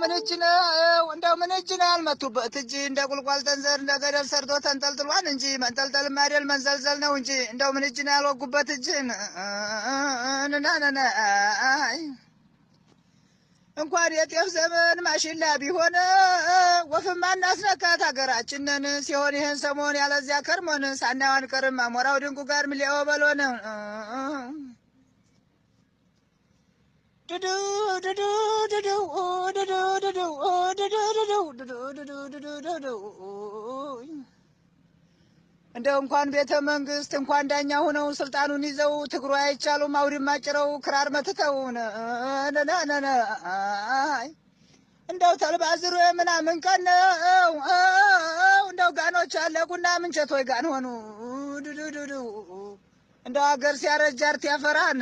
ምን ነው እንደው ምን ነው ያልመቱበት? እጅ እንደ ቁልቋል ተንዘር እንደ ገደል ሰርቶ ተንጠልጥሏል እንጂ መንጠልጠልም አይደል መንዘልዘል ነው እንጂ እንደው ምን እጅ ነው ያልወጉበት? እጅን እናነነ እንኳን የጤፍ ዘመን ማሽላ ቢሆን ወፍማ እናስነካት ሀገራችንን ሲሆን ይህን ሰሞን ያለዚያ ከርሞን ሳናዋን ቀርም አሞራው ድንቁ ጋር ምሊያወበሎን እንደው እንኳን ቤተ መንግስት እንኳን ዳኛ ሆነው ስልጣኑን ይዘው ትግሩ አይቻሉም አውድማ ጭረው ክራር መትተው እንደው ተልባዝሮ ምናምን ቀን እንደው ጋኖች አለቁና ምንቸት ወይ ጋን ሆኑ እንደው ሀገር ሲያረጃርት ያፈራን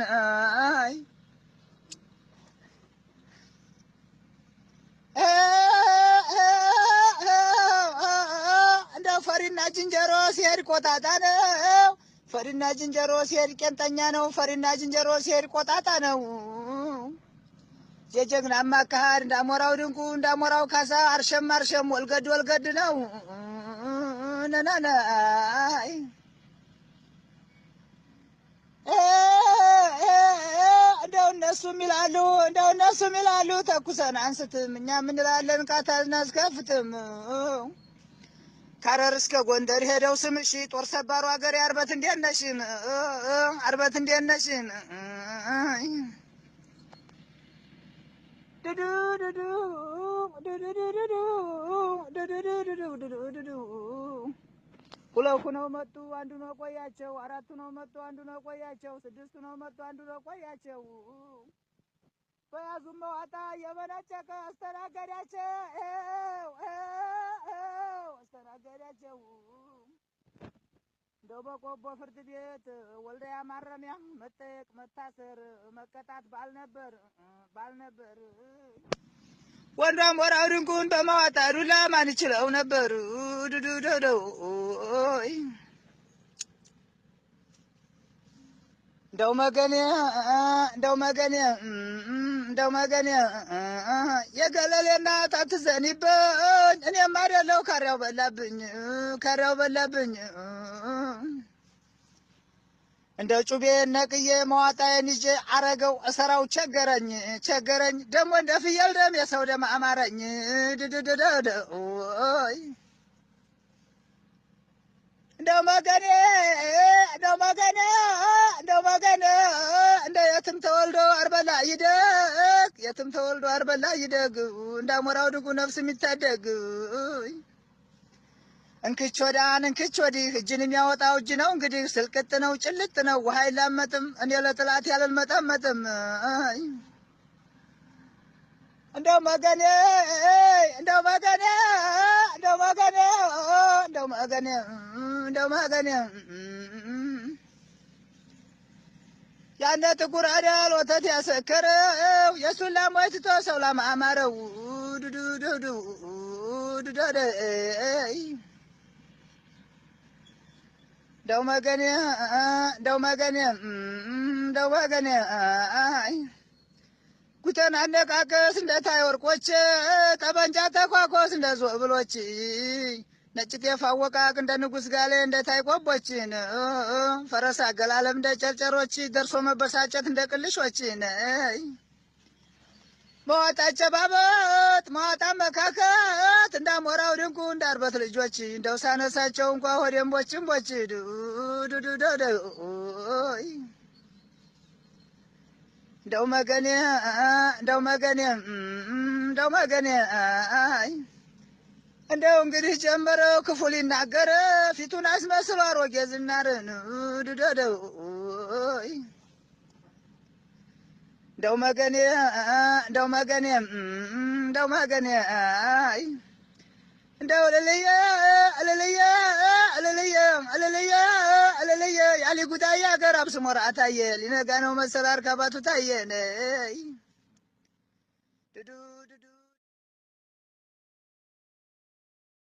እንደ ፈሪና ዝንጀሮ ሲሄድ ቆጣጣ ነው። ፈሪና ዝንጀሮ ሲሄድ ቄንጠኛ ነው። ፈሪና ዝንጀሮ ሲሄድ ቆጣጣ ነው። የጀግና አማካሃድ እንዳሞራው ድንቁ እንዳሞራው ካሳ አርሸም አርሸም ወልገድ ወልገድ ነው ነነነ እነሱ ይላሉ እንደው እነሱ ይላሉ ተኩሰን አንስትም፣ እኛ የምንላለን ቃታ እናስከፍትም። ከረር እስከ ጎንደር ሄደው እሺ ጦር ሰባሩ ሀገር አርበት እንዴት ነሽን? አርበት እንዴት ነሽን? ሁለቱ ነው መጡ፣ አንዱ ነው ቆያቸው። አራቱ ነው መጡ፣ አንዱ ነው ቆያቸው። ስድስቱ ነው መጡ፣ አንዱ ነው ቆያቸው። ፈያዙም መዋጣ የመነጨቀ አስተናገዳቸው አስተናገዳቸው። እንደው በቆቦ ፍርድ ቤት ወልዳያ ማረሚያ መጠየቅ፣ መታሰር፣ መቀጣት ባልነበር ባልነበር ወንዷም ወራው ድንቁን በማዋጣ ዱላ ማን ይችለው ነበር እንደው መገኔ እንደው መገኔ እንደው መገኔ የገለሌ እናት አትዘኒብኝ። እኔም አይደለሁ ከሪያው በላብኝ፣ ከሪያው በላብኝ። እንደ ጩቤ ነቅዬ መዋጣዬን ይዤ አረገው እሰራው ቸገረኝ፣ ቸገረኝ ደግሞ እንደ ፍየል ደም የሰው ደም አማረኝ። ድድድደደ እንደው መገኔ እንደው መገኔ እንደው መገኔ የትም ተወልዶ አርበላ ይደግ፣ የትም ተወልዶ አርበላ ይደግ፣ እንዳሞራው ድጉ ነፍስ የሚታደግ እንክች ወዳን እንክች ወዲህ እጅን የሚያወጣው እጅ ነው እንግዲህ ስልቅጥ ነው ጭልጥ ነው ውሃ አይላመጥም። እኔ ለጥላት መጠመጥም እንደው መገኔ እንደው መገኔ እንደው መገኔ እንደው መገኔ እንደው መገኔ ያነ ጥቁር አዳል ወተት ያሰከረው የእሱን ላሞች ትቶ ሰው ላም አማረው። ደው መገኔ ደው መገኔ ደው መገኔ ጉተን አነቃቀስ እንደ ታይወርቆች ጠበንጃ ተኳኮስ እንደ ዞብሎች ነጭ ጤፍ አወቃቅ እንደ ንጉሥ ጋሌ እንደ ታይቆቦችን ፈረስ አገላለም እንደ ጨርጨሮች ደርሶ መበሳጨት እንደ ቅልሾችን መዋጣ ጨባበት መዋጣ መካከት እንደ አሞራው ድንቁ እንደ አርበት ልጆች እንደው ሳነሳቸው እንኳ ሆደንቦች እምቦች ዱዱዶደ እንደው መገኔ እንደው መገኔ እንደው መገኔ እንደው እንግዲህ ጀመረ ክፉ ሊናገር ፊቱን አስመስሎ አሮጌ ዝናርን ድደደው እንደው መገኔ እንደው መገኔ እንደው መገኔ እንደው እልልየ እልልየ እልልየ እልልየ እልልየ ያሊ ጉዳይ ሀገር አብስሞ ራአታየ ሊነጋ ነው መሰል አርካባቱ ታየ ነይ